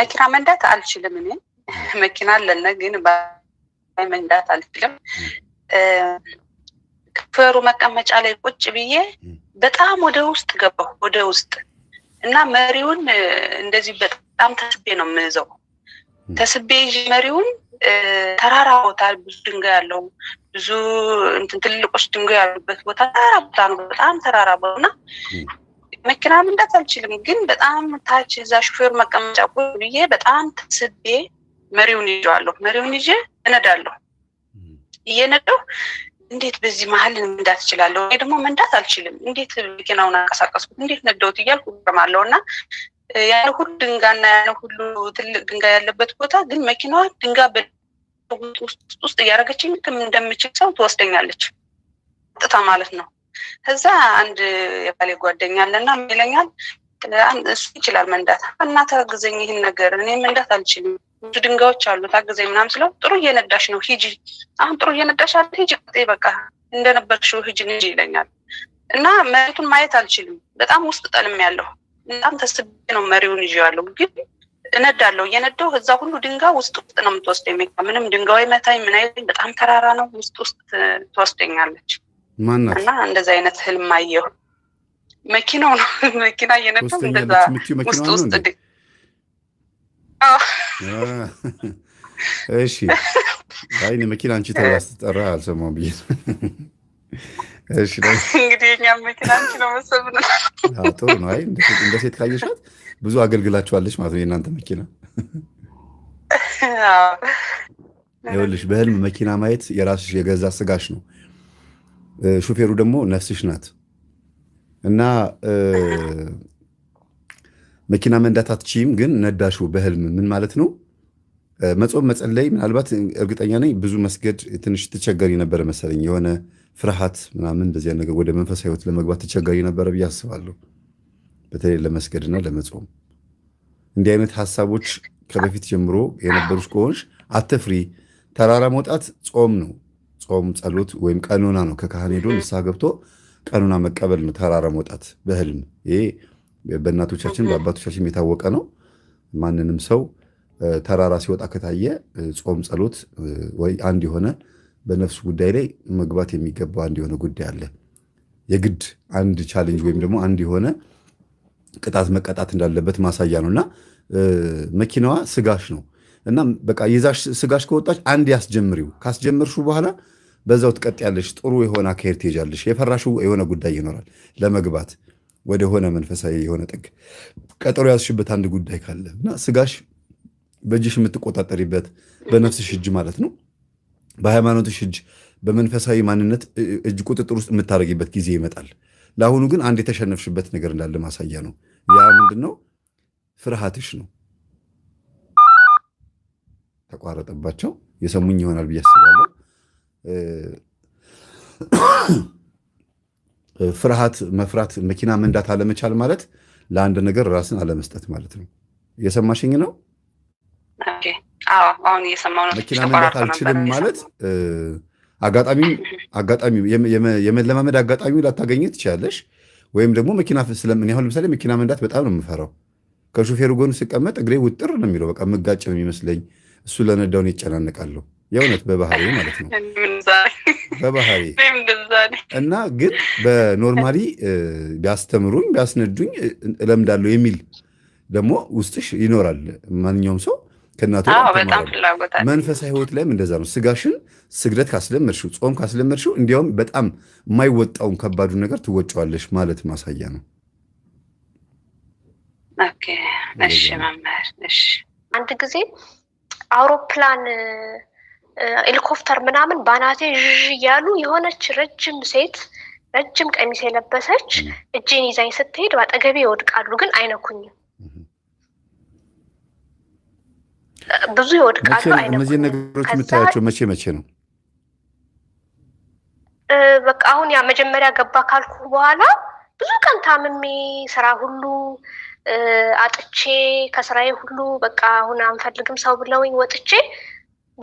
መኪና መንዳት አልችልም። እኔ መኪና አለነ ግን መንዳት አልችልም። ክፈሩ መቀመጫ ላይ ቁጭ ብዬ በጣም ወደ ውስጥ ገባሁ፣ ወደ ውስጥ እና መሪውን እንደዚህ በጣም ተስቤ ነው የምንይዘው። ተስቤ ይዤ መሪውን ተራራ ቦታ ብዙ ድንጋይ ያለው ብዙ እንትን ትልልቆች ድንጋይ ያሉበት ቦታ ተራራ ቦታ ነው፣ በጣም ተራራ ቦታ እና መኪና መንዳት አልችልም፣ ግን በጣም ታች እዛ ሹፌር መቀመጫ ብዬ በጣም ተስቤ መሪውን ይዤዋለሁ። መሪውን ይዤ እነዳለሁ። እየነደው እንዴት በዚህ መሀል መንዳት እችላለሁ? ወይ ደግሞ መንዳት አልችልም፣ እንዴት መኪናውን አንቀሳቀስኩት? እንዴት ነዳውት እያልኩ ቀማለሁ እና ያለ ሁሉ ድንጋና ያለ ሁሉ ትልቅ ድንጋይ ያለበት ቦታ ግን መኪናዋ ድንጋ በውስጥ ውስጥ እያደረገችኝ እንደምችል ሰው ትወስደኛለች ጥታ ማለት ነው እዛ አንድ የባሌ ጓደኛ አለና ይለኛል እሱ ይችላል መንዳት እና ታግዘኝ፣ ይህን ነገር እኔ መንዳት አልችልም፣ ብዙ ድንጋዮች አሉ ታግዘኝ ምናምን ስለው ጥሩ እየነዳሽ ነው ሂጂ፣ አሁን ጥሩ እየነዳሽ አለ ሂጂ፣ ቅጤ በቃ እንደነበርሽው ሂጂ እንጂ ይለኛል። እና መሬቱን ማየት አልችልም፣ በጣም ውስጥ ጠልም ያለሁ በጣም ተስቤ ነው መሪውን ይዤ ያለው ግን እነዳለው እየነዳሁ እዛ ሁሉ ድንጋ ውስጥ ውስጥ ነው የምትወስደኝ። ምንም ድንጋይ መታኝ ምን አይልም። በጣም ተራራ ነው ውስጥ ውስጥ ትወስደኛለች። ማናት እና እንደዚ አይነት ህልም አየሁ። መኪናው ነው መኪና እየነዳሁ ውስጥ ውስጥ እሺ አይ መኪና አንቺ ተብላ ስትጠራ አልሰማሁም ብዬሽ ነው። እሺ እንግዲህ የእኛም መኪና አንቺ ነው መሰብን። ጥሩ ነው። አይ እንደ ሴት ካየሻት ብዙ አገልግላችኋለች ማለት ነው የእናንተ መኪና። ይኸውልሽ በህልም መኪና ማየት የራስሽ የገዛ ስጋሽ ነው። ሹፌሩ ደግሞ ነፍስሽ ናት እና መኪና መንዳት አትችይም፣ ግን ነዳሹ በህልም ምን ማለት ነው? መጾም መጸለይ፣ ምናልባት እርግጠኛ ነኝ ብዙ መስገድ ትንሽ ትቸገሪ ነበረ መሰለኝ። የሆነ ፍርሃት ምናምን እንደዚያ ነገር ወደ መንፈሳዊ ህይወት ለመግባት ትቸገሪ ነበረ ብዬ አስባለሁ። በተለይ ለመስገድና ለመጾም እንዲህ አይነት ሀሳቦች ከበፊት ጀምሮ የነበሩ ከሆንሽ አትፍሪ። ተራራ መውጣት ጾም ነው። ጾም፣ ጸሎት ወይም ቀኖና ነው። ከካህን ሄዶ ንስሐ ገብቶ ቀኖና መቀበል ነው። ተራራ መውጣት በህልም ይሄ በእናቶቻችን በአባቶቻችን የታወቀ ነው። ማንንም ሰው ተራራ ሲወጣ ከታየ ጾም፣ ጸሎት ወይ አንድ የሆነ በነፍሱ ጉዳይ ላይ መግባት የሚገባው አንድ የሆነ ጉዳይ አለ። የግድ አንድ ቻሌንጅ ወይም ደግሞ አንድ የሆነ ቅጣት መቀጣት እንዳለበት ማሳያ ነው እና መኪናዋ ስጋሽ ነው እና በቃ ይዛሽ ስጋሽ ከወጣች አንድ ያስጀምሪው ካስጀመርሹ በኋላ በዛው ትቀጥያለሽ። ጥሩ የሆነ አካሄድ ትሄጃለሽ። የፈራሹ የሆነ ጉዳይ ይኖራል ለመግባት ወደ ሆነ መንፈሳዊ የሆነ ጥግ ቀጠሮ ያዝሽበት አንድ ጉዳይ ካለ እና ስጋሽ በእጅሽ የምትቆጣጠሪበት በነፍስሽ እጅ ማለት ነው፣ በሃይማኖትሽ እጅ፣ በመንፈሳዊ ማንነት እጅ ቁጥጥር ውስጥ የምታደርጊበት ጊዜ ይመጣል። ለአሁኑ ግን አንድ የተሸነፍሽበት ነገር እንዳለ ማሳያ ነው። ያ ምንድን ነው? ፍርሃትሽ ነው። ተቋረጠባቸው። የሰሙኝ ይሆናል ብዬ አስባለሁ። ፍርሃት መፍራት፣ መኪና መንዳት አለመቻል ማለት ለአንድ ነገር ራስን አለመስጠት ማለት ነው። እየሰማሽኝ ነው? መኪና መንዳት አልችልም ማለት አጋጣሚ የመለማመድ አጋጣሚ ላታገኝ ትችላለሽ። ወይም ደግሞ መኪና ስለምን ያሁን ለምሳሌ መኪና መንዳት በጣም ነው የምፈራው። ከሹፌሩ ጎን ስቀመጥ እግሬ ውጥር ነው የሚለው፣ በቃ መጋጭ ነው የሚመስለኝ። እሱ ለነዳውን ይጨናነቃለሁ። የእውነት በባህሪ ማለት ነው በባህሪ እና ግን በኖርማሊ ቢያስተምሩኝ ቢያስነዱኝ እለምዳለሁ የሚል ደግሞ ውስጥሽ ይኖራል። ማንኛውም ሰው ከእናቱ መንፈሳዊ ህይወት ላይም እንደዛ ነው። ስጋሽን ስግደት ካስለመድሽው፣ ጾም ካስለመድሽው እንዲያውም በጣም የማይወጣውን ከባዱ ነገር ትወጫዋለሽ ማለት ማሳያ ነው። እሺ መምህር፣ እሺ አንድ ጊዜ አውሮፕላን ሄሊኮፕተር ምናምን ባናቴ ዥዥ እያሉ የሆነች ረጅም ሴት ረጅም ቀሚስ የለበሰች እጄን ይዛኝ ስትሄድ በአጠገቤ ይወድቃሉ፣ ግን አይነኩኝም። ብዙ ይወድቃሉ፣ እነዚህ ነገሮች የምታያቸው መቼ መቼ ነው? በቃ አሁን ያ መጀመሪያ ገባ ካልኩ በኋላ ብዙ ቀን ታምሜ ስራ ሁሉ አጥቼ ከስራዬ ሁሉ በቃ አሁን አንፈልግም ሰው ብለውኝ ወጥቼ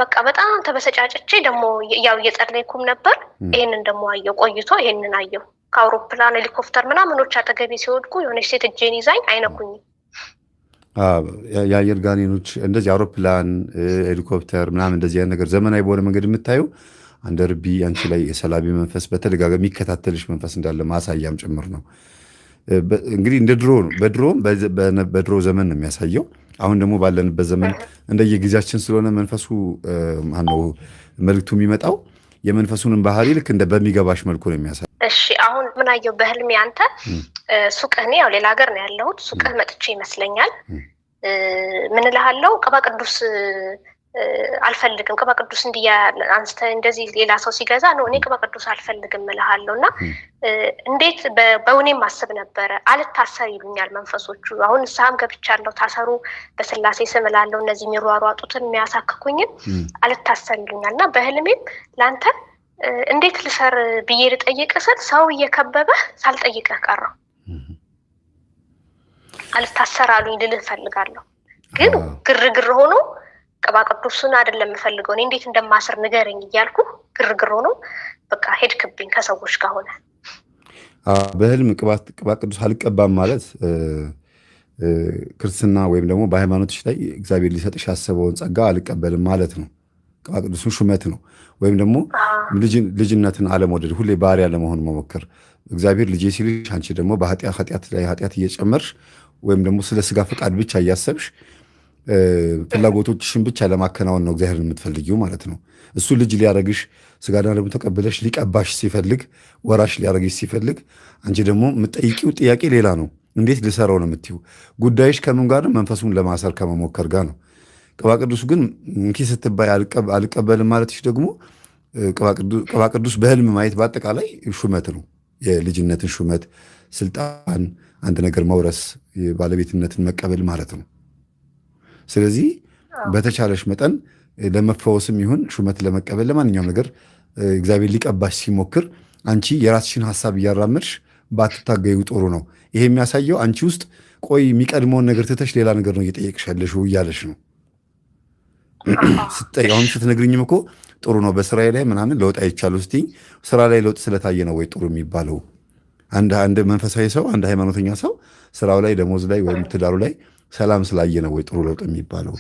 በቃ በጣም ተበሰጫጭቼ ደግሞ ያው እየጸለይኩም ነበር። ይሄንን ደግሞ አየው ቆይቶ ይሄንን አየው ከአውሮፕላን ሄሊኮፕተር ምናምኖች አጠገቤ ሲወድቁ የሆነች ሴት እጄን ይዛኝ አይነኩኝ። የአየር ጋኔኖች እንደዚህ አውሮፕላን፣ ሄሊኮፕተር ምናምን እንደዚህ አይነት ነገር ዘመናዊ በሆነ መንገድ የምታዩ አንድ ርቢ አንቺ ላይ የሰላቢ መንፈስ በተደጋጋሚ የሚከታተልሽ መንፈስ እንዳለ ማሳያም ጭምር ነው። እንግዲህ እንደ ድሮ ነው። በድሮም በድሮ ዘመን ነው የሚያሳየው አሁን ደግሞ ባለንበት ዘመን እንደየጊዜያችን ስለሆነ መንፈሱ ነው መልክቱ የሚመጣው የመንፈሱንም ባህሪ ልክ እንደ በሚገባሽ መልኩ ነው የሚያሳ እሺ አሁን ምን አየው በህልሜ አንተ ሱቅህ፣ ያው ሌላ ሀገር ነው ያለሁት ሱቅህ መጥቼ ይመስለኛል ምን እልሃለሁ ቅባ ቅዱስ አልፈልግም ቅባ ቅዱስ እንዲያ አንስተ እንደዚህ ሌላ ሰው ሲገዛ ነው እኔ ቅባ ቅዱስ አልፈልግም እልሃለሁ። እና እንዴት በእውኔ ማስብ ነበረ። አልታሰር ይሉኛል መንፈሶቹ። አሁን ንስሐም ገብቻለሁ። ታሰሩ በስላሴ ስም ላለው እነዚህ የሚሯሯጡትን የሚያሳክኩኝን አልታሰር ይሉኛል። እና በህልሜም ለአንተ እንዴት ልሰር ብዬ ልጠይቅ ስል ሰው እየከበበ ሳልጠይቀ ቀረው። አልታሰር አሉኝ ልልህ ፈልጋለሁ ግን ግርግር ሆኖ ቅባ ቅዱስን አይደለም የምፈልገው እኔ እንዴት እንደማስር ንገረኝ እያልኩ ግርግሮ ነው በቃ ሄድክብኝ ከሰዎች ጋር ሆነ። በህልም ቅባቅዱስ አልቀባም ማለት ክርስትና ወይም ደግሞ በሃይማኖቶች ላይ እግዚአብሔር ሊሰጥሽ ያሰበውን ጸጋ አልቀበልም ማለት ነው። ቅባ ሹመት ነው ወይም ደግሞ ልጅነትን አለመውደድ፣ ሁሌ ባሪያ ለመሆን መሞከር። እግዚአብሔር ልጄ ሲልሽ አንቺ ደግሞ በኃጢአት ላይ ኃጢአት እየጨመርሽ ወይም ደግሞ ስለ ስጋ ፈቃድ ብቻ እያሰብሽ ፍላጎቶችሽን ብቻ ለማከናወን ነው እግዚአብሔር የምትፈልጊው ማለት ነው። እሱ ልጅ ሊያረግሽ ስጋና ደግሞ ተቀብለሽ ሊቀባሽ ሲፈልግ፣ ወራሽ ሊያረግሽ ሲፈልግ፣ አንቺ ደግሞ የምጠይቂው ጥያቄ ሌላ ነው። እንዴት ልሰራው ነው የምትይው። ጉዳይሽ ከምን ጋር ነው? መንፈሱን ለማሰር ከመሞከር ጋር ነው። ቅባ ቅዱስ ግን እንኪ ስትባይ አልቀበልም ማለትሽ ደግሞ ቅባ ቅዱስ በህልም ማየት በአጠቃላይ ሹመት ነው። የልጅነትን ሹመት፣ ስልጣን፣ አንድ ነገር መውረስ፣ ባለቤትነትን መቀበል ማለት ነው። ስለዚህ በተቻለሽ መጠን ለመፈወስም ይሁን ሹመት ለመቀበል ለማንኛውም ነገር እግዚአብሔር ሊቀባሽ ሲሞክር አንቺ የራስሽን ሀሳብ እያራመድሽ ባትታገዩ ጥሩ ነው። ይሄ የሚያሳየው አንቺ ውስጥ ቆይ የሚቀድመውን ነገር ትተሽ ሌላ ነገር ነው እየጠየቅሽ ያለሽው እያለሽ ነው። አሁን ስትነግርኝም እኮ ጥሩ ነው በስራዬ ላይ ምናምን ለውጥ አይቻለሁ ስትይኝ ስራ ላይ ለውጥ ስለታየ ነው ወይ ጥሩ የሚባለው? አንድ መንፈሳዊ ሰው አንድ ሃይማኖተኛ ሰው ስራው ላይ ደሞዝ ላይ ወይም ትዳሩ ላይ ሰላም ስላየ ነው ወይ ጥሩ ለውጥ የሚባለው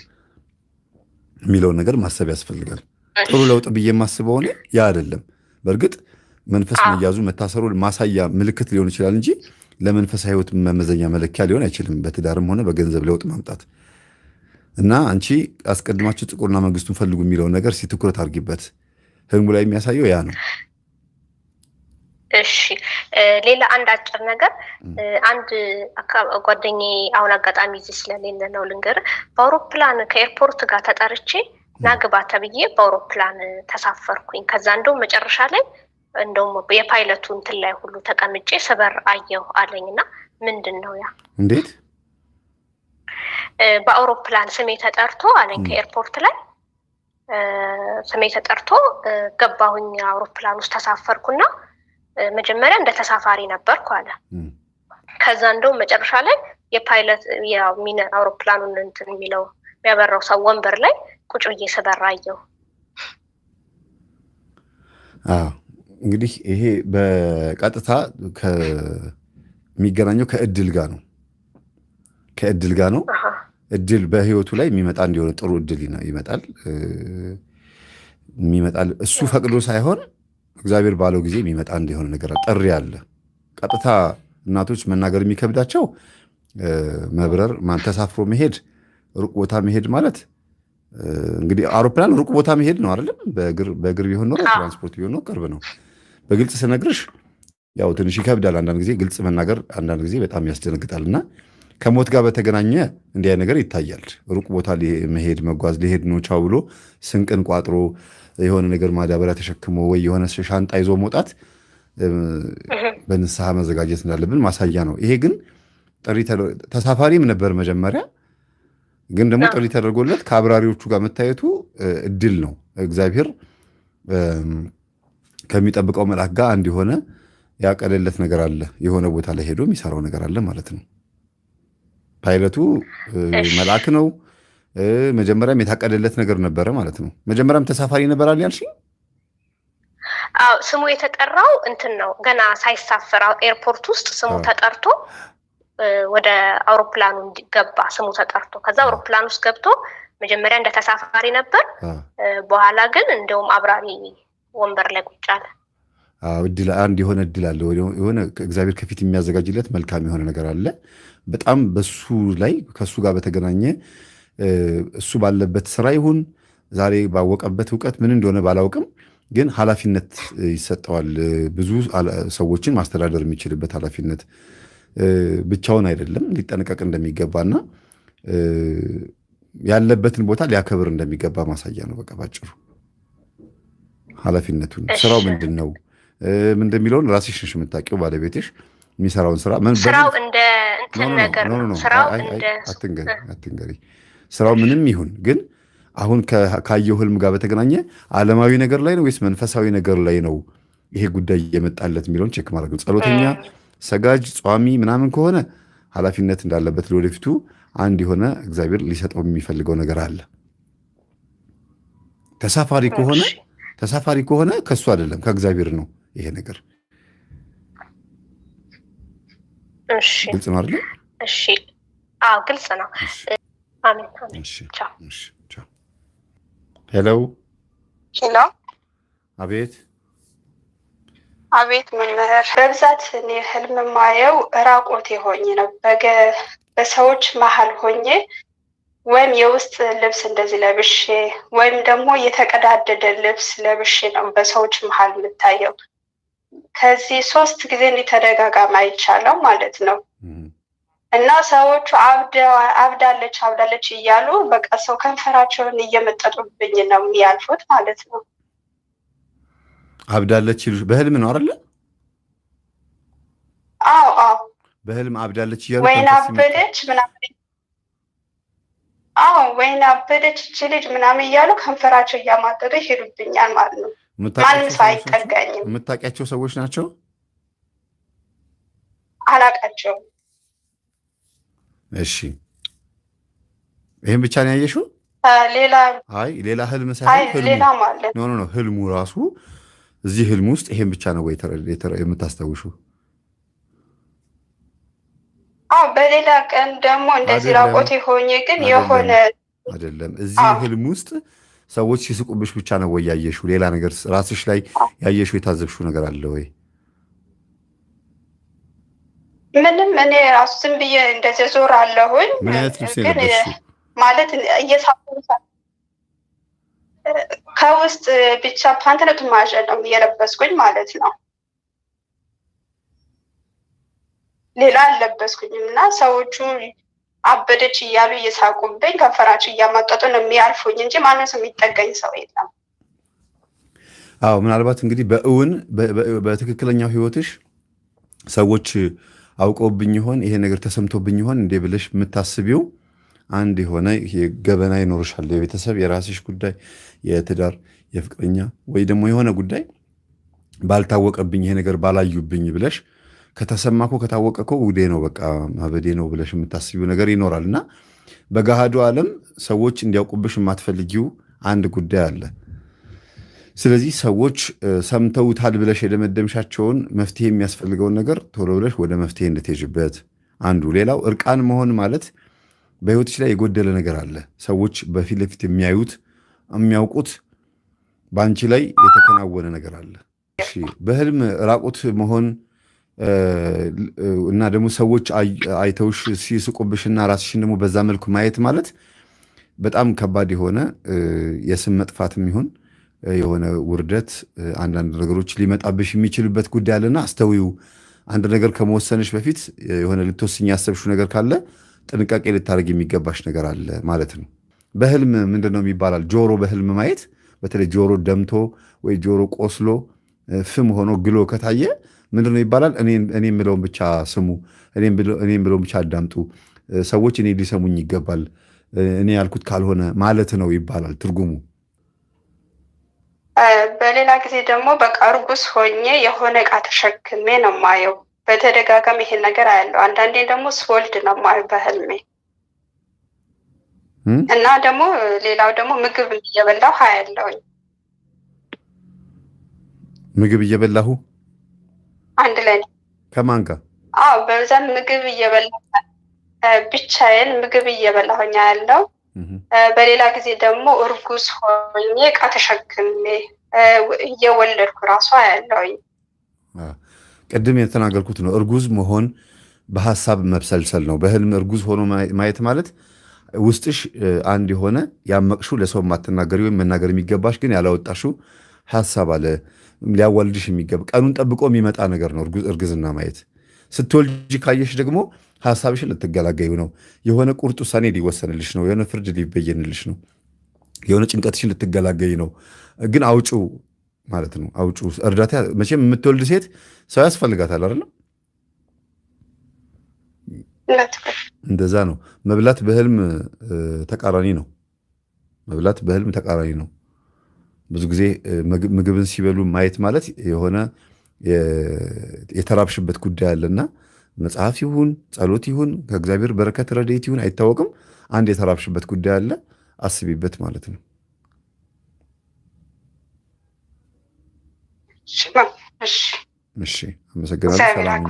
የሚለውን ነገር ማሰብ ያስፈልጋል። ጥሩ ለውጥ ብዬ የማስበው እኔ ያ አይደለም። በእርግጥ መንፈስ መያዙ መታሰሩ ማሳያ ምልክት ሊሆን ይችላል እንጂ ለመንፈሳዊ ህይወት መመዘኛ መለኪያ ሊሆን አይችልም። በትዳርም ሆነ በገንዘብ ለውጥ ማምጣት እና አንቺ አስቀድማችሁ ጥቁርና መንግስቱን ፈልጉ የሚለውን ነገር ሲትኩረት አድርጊበት። ህልሙ ላይ የሚያሳየው ያ ነው። እሺ ሌላ አንድ አጭር ነገር አንድ ጓደኛዬ አሁን አጋጣሚ እዚህ ስለሌለ ነው ልንገር። በአውሮፕላን ከኤርፖርት ጋር ተጠርቼ ናግባ ተብዬ በአውሮፕላን ተሳፈርኩኝ። ከዛ እንደውም መጨረሻ ላይ እንደውም የፓይለቱ እንትን ላይ ሁሉ ተቀምጬ ስበር አየሁ አለኝ እና ምንድን ነው ያ? እንዴት በአውሮፕላን ስሜ ተጠርቶ አለኝ ከኤርፖርት ላይ ስሜ ተጠርቶ ገባሁኝ አውሮፕላን ውስጥ ተሳፈርኩና መጀመሪያ እንደ ተሳፋሪ ነበርኩ አለ። ከዛ እንደውም መጨረሻ ላይ የፓይለት ሚነ አውሮፕላኑን እንትን የሚለው የሚያበራው ሰው ወንበር ላይ ቁጭ ብዬ ስበራ አየሁ። እንግዲህ ይሄ በቀጥታ የሚገናኘው ከእድል ጋር ነው። ከእድል ጋር ነው። እድል በህይወቱ ላይ የሚመጣ እንዲሆነ ጥሩ እድል ይመጣል የሚመጣል እሱ ፈቅዶ ሳይሆን እግዚአብሔር ባለው ጊዜ የሚመጣ እንደሆነ ነገር ጥሪ አለ። ቀጥታ እናቶች መናገር የሚከብዳቸው መብረር ተሳፍሮ መሄድ ሩቅ ቦታ መሄድ ማለት እንግዲህ አውሮፕላን ሩቅ ቦታ መሄድ ነው አይደለም። በእግር ቢሆን ኖሮ ትራንስፖርት ቢሆን ኖሮ ቅርብ ነው። በግልጽ ስነግርሽ ያው ትንሽ ይከብዳል። አንዳንድ ጊዜ ግልጽ መናገር አንዳንድ ጊዜ በጣም ያስደነግጣል። እና ከሞት ጋር በተገናኘ እንዲህ ነገር ይታያል። ሩቅ ቦታ መሄድ መጓዝ ሊሄድ ነው ቻው ብሎ ስንቅን ቋጥሮ የሆነ ነገር ማዳበሪያ ተሸክሞ ወይ የሆነ ሻንጣ ይዞ መውጣት በንስሐ መዘጋጀት እንዳለብን ማሳያ ነው። ይሄ ግን ጥሪ ተሳፋሪም ነበር መጀመሪያ፣ ግን ደግሞ ጥሪ ተደርጎለት ከአብራሪዎቹ ጋር መታየቱ እድል ነው። እግዚአብሔር ከሚጠብቀው መልአክ ጋር አንድ የሆነ ያቀለለት ነገር አለ። የሆነ ቦታ ላይ ሄዶ የሚሰራው ነገር አለ ማለት ነው። ፓይለቱ መልአክ ነው። መጀመሪያም የታቀደለት ነገር ነበረ ማለት ነው። መጀመሪያም ተሳፋሪ ነበራል ያልሽኝ? አዎ ስሙ የተጠራው እንትን ነው። ገና ሳይሳፈር ኤርፖርት ውስጥ ስሙ ተጠርቶ ወደ አውሮፕላኑ እንዲገባ ስሙ ተጠርቶ ከዛ አውሮፕላን ውስጥ ገብቶ መጀመሪያ እንደ ተሳፋሪ ነበር። በኋላ ግን እንደውም አብራሪ ወንበር ላይ ቁጭ አለ። አንድ የሆነ እድል አለ፣ የሆነ እግዚአብሔር ከፊት የሚያዘጋጅለት መልካም የሆነ ነገር አለ። በጣም በሱ ላይ ከሱ ጋር በተገናኘ እሱ ባለበት ስራ ይሁን ዛሬ ባወቀበት እውቀት ምን እንደሆነ ባላውቅም ግን ኃላፊነት ይሰጠዋል። ብዙ ሰዎችን ማስተዳደር የሚችልበት ኃላፊነት ብቻውን አይደለም፣ ሊጠነቀቅ እንደሚገባና ያለበትን ቦታ ሊያከብር እንደሚገባ ማሳያ ነው። በቃ ባጭሩ ኃላፊነቱን ስራው ምንድን ነው እንደሚለውን ራስሽ ነሽ የምታውቂው። ባለቤትሽ የሚሰራውን ስራ አትንገሪ። ስራው ምንም ይሁን ግን አሁን ካየው ህልም ጋር በተገናኘ አለማዊ ነገር ላይ ነው ወይስ መንፈሳዊ ነገር ላይ ነው ይሄ ጉዳይ የመጣለት የሚለውን ቼክ ማድረግ ነው። ጸሎተኛ፣ ሰጋጅ፣ ጿሚ ምናምን ከሆነ ኃላፊነት እንዳለበት ለወደፊቱ አንድ የሆነ እግዚአብሔር ሊሰጠው የሚፈልገው ነገር አለ። ተሳፋሪ ከሆነ ተሳፋሪ ከሆነ ከእሱ አይደለም ከእግዚአብሔር ነው ይሄ ነገር። ግልጽ ነው አይደል? ግልጽ ነው። ሄሎ ሄሎ። አቤት አቤት። መምህር በብዛት እኔ ህልም ማየው ራቆቴ ሆኜ ነው። በገ በሰዎች መሀል ሆኜ ወይም የውስጥ ልብስ እንደዚህ ለብሼ ወይም ደግሞ የተቀዳደደ ልብስ ለብሼ ነው በሰዎች መሀል የምታየው። ከዚህ ሶስት ጊዜ እንዲህ ተደጋጋሚ አይቻለው ማለት ነው። እና ሰዎቹ አብዳለች አብዳለች እያሉ በቃ ሰው ከንፈራቸውን እየመጠጡብኝ ነው የሚያልፉት ማለት ነው። አብዳለች ይሉ በህልም ነው አይደለ? አዎ አዎ፣ በህልም አብዳለች እያሉ ወይን አበደች ምናምን፣ አዎ ወይን አበደች እች ልጅ ምናምን እያሉ ከንፈራቸው እያማጠጡ ይሄዱብኛል ማለት ነው። ማንም ሰው አይጠጋኝም። የምታውቂያቸው ሰዎች ናቸው? አላውቃቸውም እሺ ይህን ብቻ ነው ያየሽው? አይ ሌላ ህልም ሳይሆን ኖ ህልሙ ራሱ። እዚህ ህልም ውስጥ ይሄን ብቻ ነው ወይ የምታስታውሹ? በሌላ ቀን ደግሞ እንደዚህ ራቆት የሆኜ ግን የሆነ አይደለም። እዚህ ህልም ውስጥ ሰዎች ሲስቁብሽ ብቻ ነው ወይ ያየሹ? ሌላ ነገር ራስሽ ላይ ያየሹ የታዘብሹ ነገር አለ ወይ? ምንም እኔ ራሱ ዝም ብዬ እንደዚህ ዞር አለሁኝ። ግን ማለት እየሳ ከውስጥ ብቻ ፓንትነቱ ማዣ ነው እየለበስኩኝ ማለት ነው። ሌላ አልለበስኩኝም እና ሰዎቹ አበደች እያሉ እየሳቁብኝ ከንፈራቸው እያማጠጡ ነው የሚያልፉኝ እንጂ ማንም ሰው የሚጠገኝ ሰው የለም። አዎ ምናልባት እንግዲህ በእውን በትክክለኛው ህይወትሽ ሰዎች አውቀውብኝ ይሆን ይሄ ነገር ተሰምቶብኝ ይሆን እንዴ ብለሽ የምታስቢው አንድ የሆነ ገበና ይኖርሻል። የቤተሰብ የራስሽ ጉዳይ፣ የትዳር፣ የፍቅረኛ ወይ ደግሞ የሆነ ጉዳይ ባልታወቀብኝ ይሄ ነገር ባላዩብኝ ብለሽ ከተሰማኮ እኮ ውዴ ነው በቃ ማበዴ ነው ብለሽ የምታስቢው ነገር ይኖራል እና በገሃዱ ዓለም ሰዎች እንዲያውቁብሽ የማትፈልጊው አንድ ጉዳይ አለ። ስለዚህ ሰዎች ሰምተውታል ብለሽ የደመደምሻቸውን መፍትሄ የሚያስፈልገውን ነገር ቶሎ ብለሽ ወደ መፍትሄ እንድትሄጂበት አንዱ። ሌላው እርቃን መሆን ማለት በሕይወትሽ ላይ የጎደለ ነገር አለ። ሰዎች በፊት ለፊት የሚያዩት የሚያውቁት በአንቺ ላይ የተከናወነ ነገር አለ። በህልም ራቁት መሆን እና ደግሞ ሰዎች አይተውሽ ሲስቁብሽና ራስሽን ደግሞ በዛ መልኩ ማየት ማለት በጣም ከባድ የሆነ የስም መጥፋት ይሁን የሆነ ውርደት፣ አንዳንድ ነገሮች ሊመጣብሽ የሚችልበት ጉዳይ አለና አስተውዩ። አንድ ነገር ከመወሰንሽ በፊት የሆነ ልትወስኝ ያሰብሽው ነገር ካለ ጥንቃቄ ልታደርግ የሚገባሽ ነገር አለ ማለት ነው። በህልም ምንድን ነው የሚባላል? ጆሮ በህልም ማየት በተለይ ጆሮ ደምቶ ወይ ጆሮ ቆስሎ ፍም ሆኖ ግሎ ከታየ ምንድን ነው ይባላል? እኔ የምለውን ብቻ ስሙ፣ እኔ የምለውን ብቻ አዳምጡ፣ ሰዎች እኔ ሊሰሙኝ ይገባል፣ እኔ ያልኩት ካልሆነ ማለት ነው ይባላል ትርጉሙ። በሌላ ጊዜ ደግሞ በቃ እርጉዝ ሆኜ የሆነ እቃ ተሸክሜ ነው ማየው። በተደጋጋሚ ይሄን ነገር አያለው። አንዳንዴ ደግሞ ስወልድ ነው ማየው በህልሜ እና ደግሞ ሌላው ደግሞ ምግብ እየበላሁ አያለውኝ። ምግብ እየበላሁ አንድ ላይ ከማን ጋር? አዎ በብዛት ምግብ እየበላ ብቻዬን ምግብ እየበላሁኝ አያለው። በሌላ ጊዜ ደግሞ እርጉዝ ሆኜ እቃ ተሸክሜ እየወለድኩ ራሱ ያለውኝ ቅድም የተናገርኩት ነው። እርጉዝ መሆን በሀሳብ መብሰልሰል ነው። በህልም እርጉዝ ሆኖ ማየት ማለት ውስጥሽ አንድ የሆነ ያመቅሹ ለሰው ማትናገሪ ወይም መናገር የሚገባሽ ግን ያላወጣሹ ሀሳብ አለ ሊያዋልድሽ የሚገባ ቀኑን ጠብቆ የሚመጣ ነገር ነው እርግዝና ማየት። ስትወልጅ ካየሽ ደግሞ ሀሳብሽን ልትገላገዩ ነው። የሆነ ቁርጥ ውሳኔ ሊወሰንልሽ ነው። የሆነ ፍርድ ሊበየንልሽ ነው። የሆነ ጭንቀትሽን ልትገላገይ ነው። ግን አውጩ ማለት ነው። አውጩ እርዳታ። መቼም የምትወልድ ሴት ሰው ያስፈልጋታል አይደል? እንደዛ ነው። መብላት በህልም ተቃራኒ ነው። መብላት በህልም ተቃራኒ ነው። ብዙ ጊዜ ምግብን ሲበሉ ማየት ማለት የሆነ የተራብሽበት ጉዳይ አለና መጽሐፍ ይሁን ጸሎት ይሁን ከእግዚአብሔር በረከት ረድኤት ይሁን አይታወቅም። አንድ የተራብሽበት ጉዳይ አለ፣ አስቢበት ማለት ነው። እሺ፣ አመሰግናለሁ።